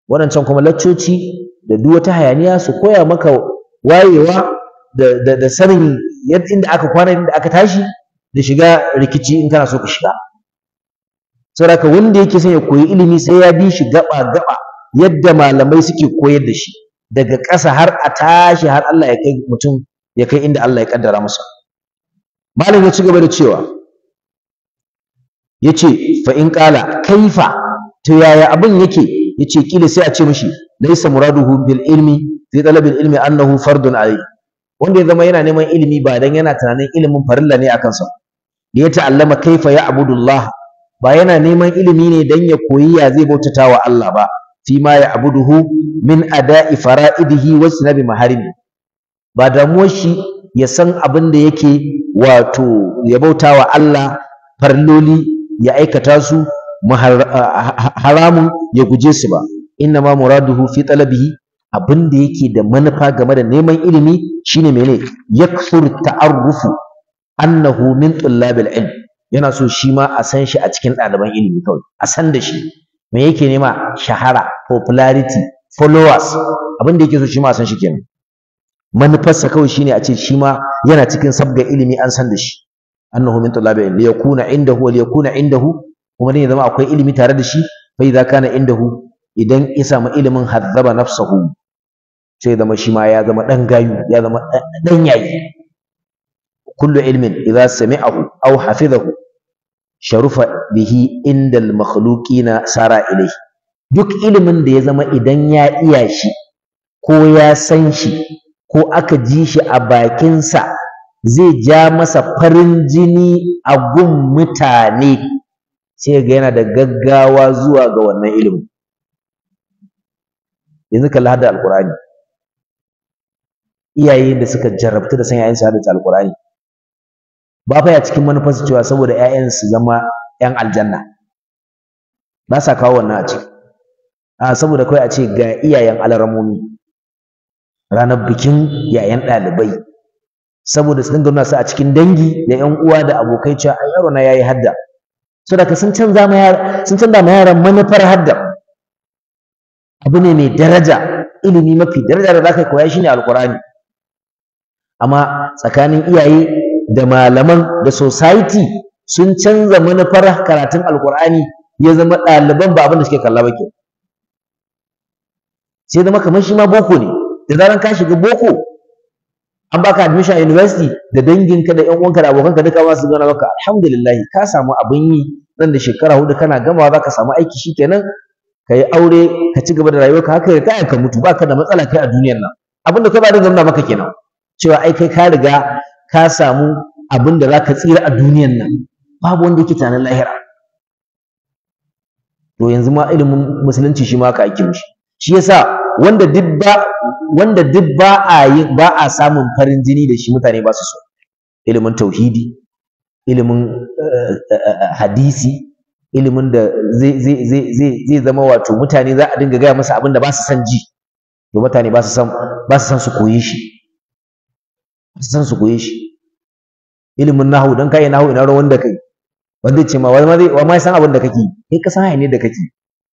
waɗancan kuma laccoci da duk wata hayaniya su koya maka wayewa da sanin yadda inda aka kwana inda aka tashi da shiga rikici in kana so ka shiga saboda wanda yake son ya koyi ilimi sai ya bi shi gaba gaba yadda malamai suke koyar da shi daga ƙasa har a tashi har Allah ya kai mutum ya kai inda Allah ya kaddara masa malam ya ci gaba da cewa yace fa in kaifa to yaya abin yake yace kila sai a ce mashi laisa muraduhu bil ilmi fi talabil ilmi annahu fardun alayhi wanda ya zama yana neman ilimi ba dan yana tunanin ilimin farilla ne akan sa da ya ta'allama kaifa ya abudullah ba yana neman ilimi ne dan ya koyi ya zai bautata wa Allah ba fi ma ya abuduhu min ada'i fara'idihi wa sunabi maharimi ba damuwar shi ya san abin da yake wato ya bauta wa Allah farloli ya aikata su haramun ya guje su ba inna ma muraduhu fi talabihi abin da yake da manufa game da neman ilimi shine mene yakthur ta'arrufu annahu min tullabil ilm yana so shi ma a san shi a cikin ɗaliban ilimi kawai a san da shi me yake nema shahara popularity followers abin da yake so shi ma a san shi kenan manufarsa kawai shine a ce shi ma yana cikin sabga ilimi an san da shi annahu min talabi li yakuna indahu li yakuna indahu kuma ya zama akwai ilimi tare da shi fa idza kana indahu idan ya samu ilimin hazzaba nafsahu sai zama shi ma ya zama dan gayu ya zama dan yayi kullu ilmin idza sami'ahu aw hafizahu sharufa bihi indal makhluqina sara ilayhi duk ilimin da ya zama idan ya iya shi ko ya san shi ko aka ji shi a bakinsa zai ja masa farin jini a gun mutane sai ga yana da gaggawa zuwa ga wannan ilimin yanzu kalli hada alkur'ani iyaye da suka jarrabtu da san yayin su hada alkur'ani ba fa ya cikin manufarsa cewa saboda ƴaƴan su zama ƴan aljanna ba sa kawo wannan a ciki a saboda kawai a ce ga iyayen alaramomi ranar bikin yayan ɗalibai saboda su dinga nuna su a cikin dangi da ƴan uwa da abokai cewa ai yaro na yayi hadda saboda ka sun canza ma sun canza ma yaran manufar hadda abu ne mai daraja ilimi mafi daraja da ka koya shine alqur'ani amma tsakanin iyaye da malaman da society sun canza manufar karatun alkur'ani ya zama ɗaliban ba abin da suke kalla ba ke sai zama kamar shi ma boko ne da zaran ka shiga boko an baka admission a university da danginka da 'yan uwanka da abokanka duka ma su gana maka alhamdulillah ka samu abin yi nan da shekara hudu kana gamawa za ka samu aiki shikenan ka yi aure ka ci gaba da rayuwarka haka ya kaya ka mutu ba ka da matsala kai a duniyar nan abin da kai ba da nuna maka kenan cewa ai kai ka riga ka samu abin da za ka tsira a duniyan nan babu wanda yake tunanin lahira to yanzu ma ilimin musulunci shi ma ka aikin shi shi yasa wanda duk ba wanda duk ba a yi ba a samun farin jini da shi mutane ba su so ilimin tauhidi ilimin eh, eh, hadisi ilimin da zai zama wato mutane za a dinga gaya masa abin da ba su san ji to mutane ba su san ba su san su koyi shi san su koye shi ilimin nahu dan kai nahu ina rawan da kai wanda ce ma wa ma san abin da kake kai ka san ne da kake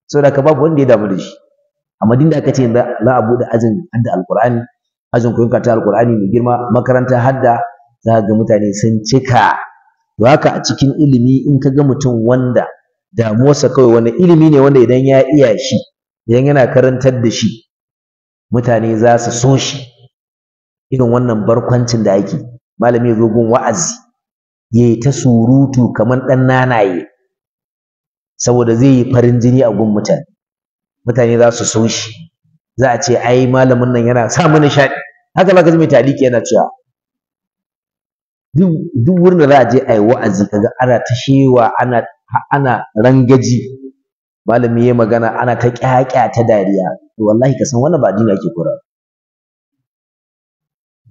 saboda ka babu wanda ya damu da shi a madina aka ce za a bude ajin hadda alqur'ani ajin koyon karatu alqur'ani mai girma makaranta hadda za ga mutane sun cika to haka a cikin ilimi in ka ga mutum wanda damuwarsa kawai wani ilimi ne wanda idan ya iya shi idan yana karantar da shi mutane za su so shi irin wannan barkwancin da ake malami zo gun wa'azi yayi ta surutu kamar dan nanaye saboda zai yi farin jini a gun mutane mutane za su so shi za a ce ai malamin nan yana sa mu nishaɗi haka za ka ji mai taliki yana cewa duk wurin da za a je a yi wa'azi kaga ana ta shewa ana ana rangaji malami ya magana ana ta ƙyaƙya ta dariya to wallahi ka san wannan ba addini ake kurawa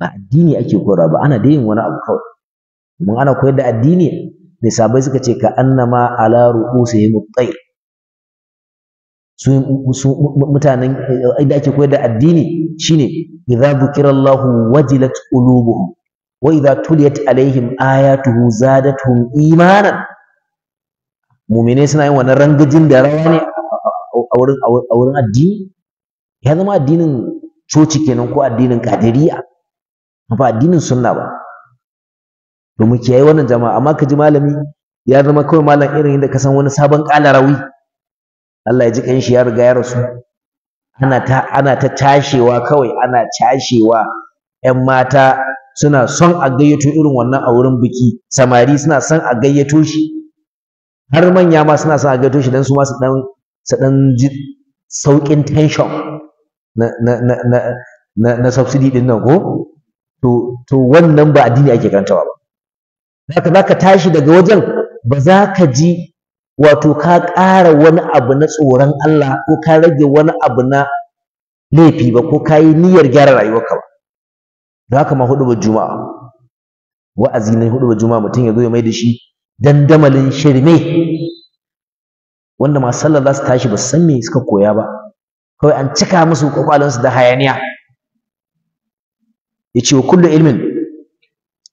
ba addini ake koyarwa ba ana yin wani abu kawai mun ana koyar da addini mai sabai suka ce ka annama ala ru'usihim at-tayr su mutanen eh, da ake koyar da addini shine idza dhukirallahu wajilat qulubuhum wa idza tuliyat alaihim ayatuhu zadatuhum imanan mu'mine suna yin wannan rangajin da rawa ne a wurin addini ya zama addinin coci kenan ko addinin kadiriya ba addinin sunna ba domin kiyaye wannan jama'a amma ka ji malami ya zama kawai malam irin inda ka san wani sabon ƙalarawi Allah ya ji kanshi ya riga ya rasu ana ta ana ta cashewa kawai ana cashewa ƴan mata suna son a gayyato irin wannan a wurin biki samari suna son a gayyato shi har manya ma suna son a gayyato shi dan su ma su dan su dan ji saukin tension na na na na na subsidy din nan ko to to wannan ba addini ake karantawa ba haka zaka tashi daga wajen ba za ka ji wato ka ƙara wani abu na tsoron Allah ko ka rage wani abu na laifi ba ko ka yi niyyar gyara rayuwarka ba don haka ma hudu ba juma'a wa'azi ne hudu ba juma'a mutum ya zo ya mai da shi dandamalin shirme wanda masu sallar za su tashi ba san me suka koya ba kawai an cika musu kwakwalansu da hayaniya yace wa kullu ilmin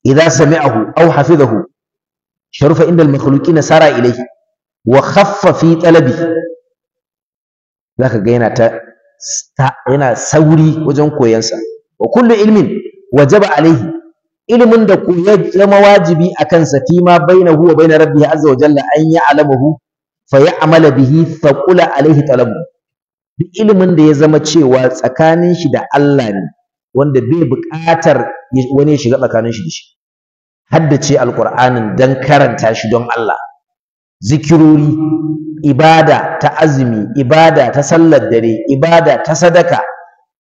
idza sami'ahu aw hafizahu sharufa inda al-makhluqina sara ilayhi wa khaffa fi talabi zaka ga yana ta yana sauri wajen koyansa wa kullu ilmin wajaba alayhi ilimin da ku ya zama wajibi akan sa fi ma bainahu wa bainar rabbihi azza wa jalla an ya'lamahu fa amala bihi qula alayhi talabu duk ilimin da ya zama cewa tsakanin shi da Allah ne wanda bai buƙatar wani ya shiga tsakanin shi da shi haddace alƙur'anin don karanta shi don Allah zikirori ibada ta azumi ibada ta sallar dare ibada ta sadaka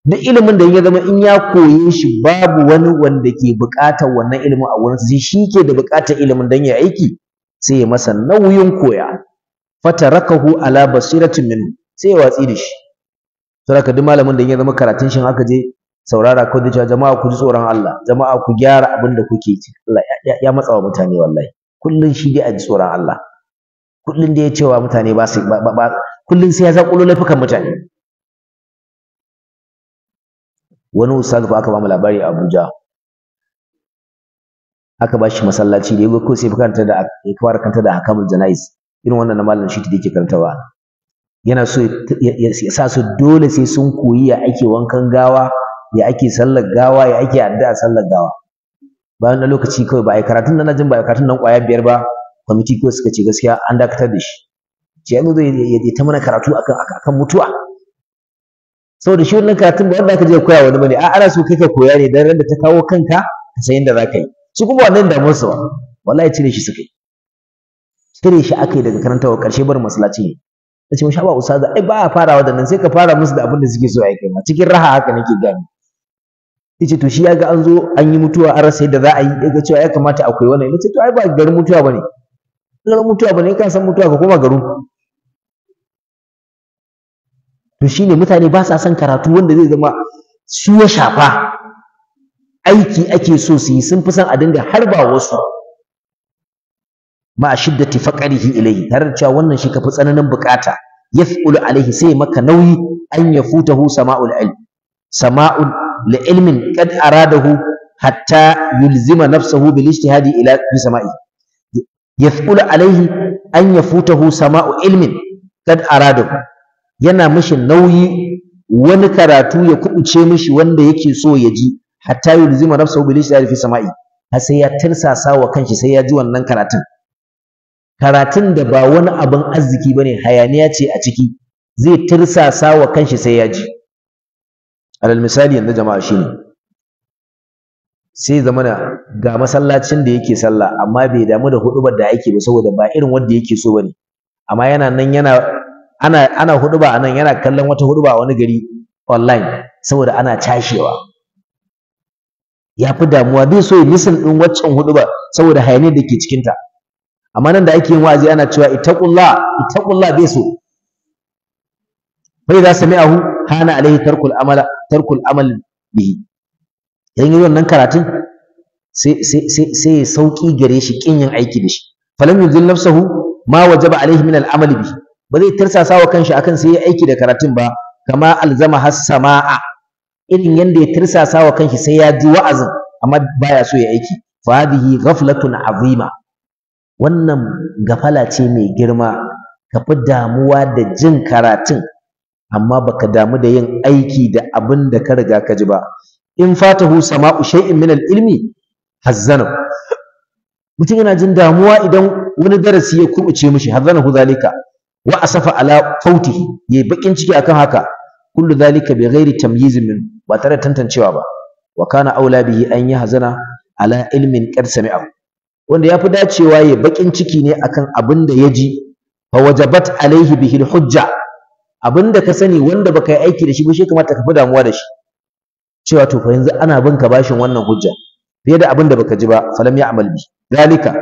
duk ilimin da ya zama in ya koye shi babu wani wanda ke buƙatar wannan ilimin a wurin sai shi ke da buƙatar ilimin don ya aiki sai ya masa nauyin koya fatarakahu ala basiratin min sai ya watsi da shi saboda duk malamin da ya zama karatun shin aka je saurara ko dace jama'a ku ji tsoron Allah jama'a ku gyara abin da kuke ci Allah ya matsawa mutane wallahi kullun shi dai a ji tsoron Allah kullun da ya cewa mutane ba su kullun sai ya zakulo laifukan mutane wani ustaz fa aka ba mu labari a Abuja aka ba shi masallaci da ya ko sai kanta da ya fara kanta da hakamul janais irin wannan na mallan shi da yake karantawa yana so ya sa su dole sai sun koyi ya ake wankan gawa ya ake sallar gawa ya ake addu'a sallar gawa bayan na lokaci kawai ba a yi karatun nan jin ba a karatun nan kwaya biyar ba kwamiti kawai suka ce gaskiya an dakatar da shi ce yanzu zai ya ta mana karatu akan akan mutuwa saboda shi wannan karatun ba wanda aka je koya wani bane a ana so kai ka koya ne dan randa ta kawo kanka ka san yadda za ka yi su kuma wannan damar su ba wallahi cire shi suka yi cire shi aka yi daga karantawa karshe bar masallaci ne na ce masha ba ai ba a farawa da nan sai ka fara musu da abin da suke so a yi kai ma cikin raha haka nake gani yace to shi ya ga an zo an yi mutuwa an rasa yadda za a yi ya cewa ya kamata akwai wannan yace to ai ba garin mutuwa bane garin mutuwa bane ka san mutuwa ka koma garin to shine mutane ba sa son karatu wanda zai zama su ya shafa aiki ake so su yi sun fi son a dinga harba wasu ma shiddati faqarihi ilayhi tare da cewa wannan shi kafi tsananin bukata yaf'ulu alaihi sai maka nauyi an yafutahu sama'ul ilm sama'ul la ilmin qad aradahu hatta sama'u ilmin qad yana mishi nauyi wani karatu ya kubuce mishi wanda yake so ya ji hatta yulzima nafsahu wannan karatun karatun da ba wani abin arziki bane hayaniya ce a ciki zai tirsasa wa kanshi sai yaji. alal misali yanzu jama'a ne, sai zamana ga masallacin da yake sallah amma bai damu da hudubar da ake ba saboda ba irin wanda yake so bane amma yana nan yana ana ana huduba anan yana kallon wata huduba a wani gari online saboda ana cashewa ya fi damuwa bai so ya misin din waccan huduba saboda hayaniyar da ke cikinta amma nan da ake yin wa'azi ana cewa ittaqullah ittaqullah bai so bai za su mi'ahu hana alaihi tarkul amala tarkul amal bihi idan yi wannan karatun sai sai sai ya sauki gare shi kin yin aiki da shi falam yuzil nafsahu ma wajaba alaihi min al-amal bihi ba zai tirsasa wa kanshi akan sai ya aiki da karatun ba kama alzama has sama'a irin yanda ya tirsasa wa kanshi sai ya ji wa'azin amma baya so ya aiki fa hadhihi ghaflatun azima wannan gafala ce mai girma ka fi damuwa da jin karatun amma baka damu da yin aiki da abin da ka riga ka ji ba in fatahu sama'u shay'in min al-ilmi hazzana mutum yana jin damuwa idan wani darasi ya kubuce mishi hazzanahu zalika wa asafa ala fautihi yayi bakin ciki akan haka kullu zalika bi ghairi tamyizin min ba tare da tantancewa ba wa kana aula bihi an yi hazana ala ilmin qad sami'ahu wanda yafi dacewa yayi bakin ciki ne akan abin da ya ji fa wajabat alaihi bihi al-hujja abinda ka sani wanda baka yi aiki da shi ba shi kamata ka fi damuwa da shi cewa to fa yanzu ana bin ka bashin wannan hujja fiye da abinda baka ji ba falam amal bi zalika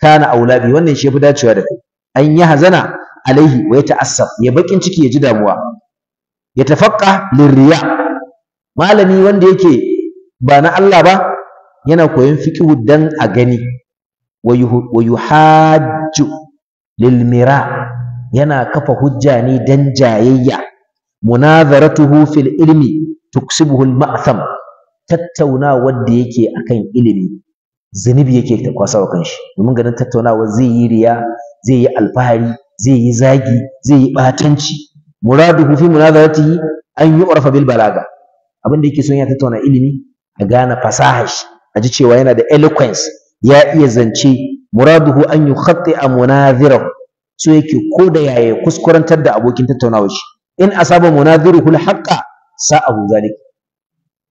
kana aula bi wannan shi fi dacewa da kai an yi hazana alaihi wa yata'assaf ya bakin ciki ya ji damuwa ya tafaqqa lirriya malami wanda yake ba na Allah ba yana koyon fiqhu dan a gani wa yuhajju lilmira yana kafa hujja ne dan jayayya munazaratuhu fil ilmi tuksibuhu al ma'tham tattaunawar da yake akan ilimi zunubi yake ta kwasa kanshi domin ganin tattaunawa zai yi riya zai yi alfahari zai yi zagi zai yi batanci muraduhu fi munazaratihi an yu'rafa bil balaga abin da yake son ya tattauna ilimi a gana fasaha shi a ji cewa yana da eloquence ya iya zance muraduhu an yukhatti munazirahu so yake ko da yaya kuskurantar da abokin tattaunawar shi in asaba munadhiruhu alhaqa sa'ahu zalik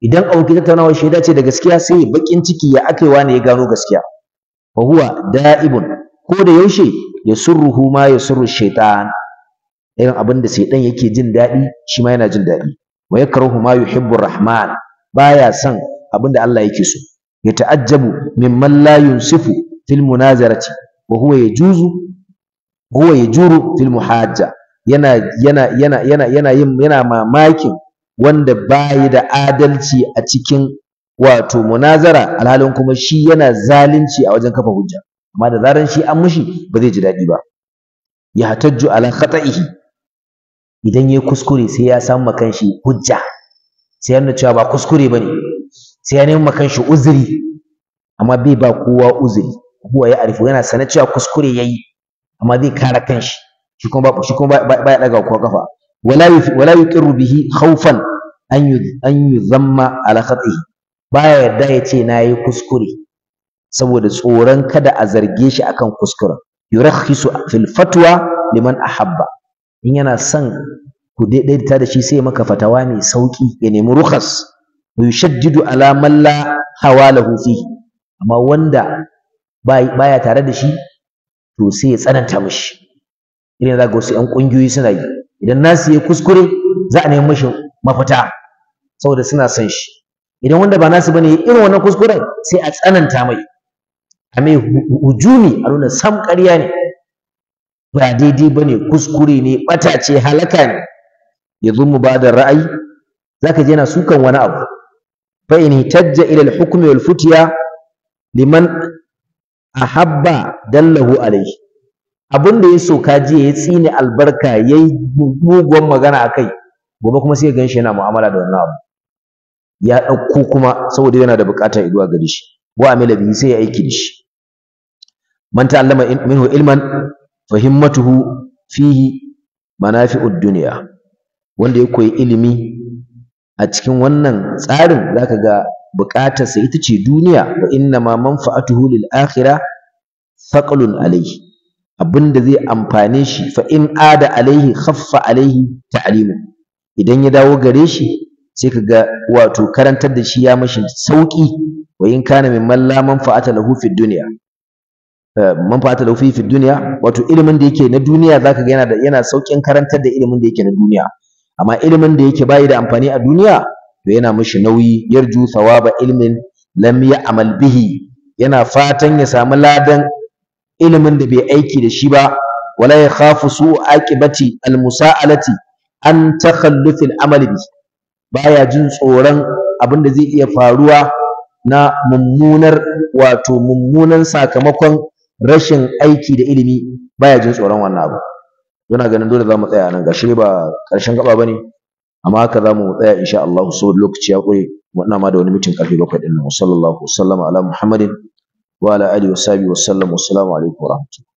idan abokin tattaunawar shi ya dace da gaskiya sai bakin ciki ya akaiwa wani ya gano gaskiya fa huwa da'ibun ko da yaushe yasurruhu ma yasurru shaytan irin abin da shaytan yake jin daɗi shi ma yana jin daɗi wa yakrahu ma yuhibbu rahman baya son abin da Allah yake so ya ta'ajjabu mimman la yunsifu fil munazarati wa huwa yajuzu huwa yajuru fil muhajja yana yana yana yana yana yin yana mamakin wanda bayi da adalci a cikin wato munazara alhalin kuma shi yana zalunci a wajen kafa hujja amma da zaran shi an mushi ba zai ji daɗi ba ya hatajju ala khata'ihi idan yayi kuskure sai ya samu kanshi hujja sai ya cewa ba kuskure bane sai ya nemi kanshi uzuri amma bai ba kowa uzuri huwa ya arifu yana sane cewa kuskure yayi amma zai kare kanshi shi kuma shi kuma baya daga ko kafa wala wala yuqirru bihi khawfan an an yuzamma ala khatihi baya yarda ya ce nayi kuskure saboda tsoron kada a zarge shi akan kuskure yurakhisu fil fatwa liman ahabba in yana son ku daidaita da shi sai maka fatawa mai sauki ya nemi rukhas wa yushaddidu ala man la hawalahu fi amma wanda baya tare da shi to sai ya tsananta mishi irin za ga wasu 'yan ƙungiyoyi suna yi idan nasu ya kuskure za a nemi mishi mafita saboda suna son shi idan wanda ba nasu bane irin wannan kuskuren sai a tsananta mai a mai hujumi a nuna sam ƙarya ne ba daidai bane kuskure ne ɓata ce halaka ne ya zumu ba da ra'ayi zaka je yana sukan wani abu fa in hitajja ila al-hukmi wal futiya liman ahabba dallahu alaihi abin da ya soka jiya ya tsine albarka ya yi mugun magana a kai gobe kuma sai ya ganshi yana mu'amala da wannan abu ya ɗauko kuma saboda yana da buƙatar iduwa gare shi wa amila bihi sai ya aiki da shi man ta'allama minhu ilman fahimmatuhu fihi manafi'ud dunya wanda ya koyi ilimi a cikin wannan tsarin zaka ga buƙatarsa ita ce duniya wa inna ma manfa'atuhu lil akhirah faqlun alayhi abinda zai amfane shi fa in ada alaihi khaffa alaihi ta'limu idan ya dawo gare shi sai kaga wato karantar da shi ya mashi sauki wa in kana man la manfa'ata lahu fi dunya eh, manfa'ata lahu fi dunya wato ilimin da yake na duniya zaka ga yana da yana saukin karantar da ilimin da yake na duniya amma ilimin da yake bai da amfani a duniya to yana mishi nauyi yarju thawaba ilmin lam amal bihi yana fatan ya samu ladan ilimin da bai aiki da shi ba wala ya khafu su aqibati musa'alati an takhallufi amal bi baya jin tsoron abin da zai iya faruwa na mummunar wato mummunan sakamakon rashin aiki da ilimi baya jin tsoron wannan abu yana ganin dole za mu tsaya nan gashi ba ƙarshen gaba bane amma haka za mu tsaya insha Allah saboda lokaci ya ƙure ina ma da wani mitin karfe bakwai ɗin nan wa sallallahu wasallama ala muhammadin wa ala alihi wa sahbihi wa sallam wassalamu alaikum wa rahmatullah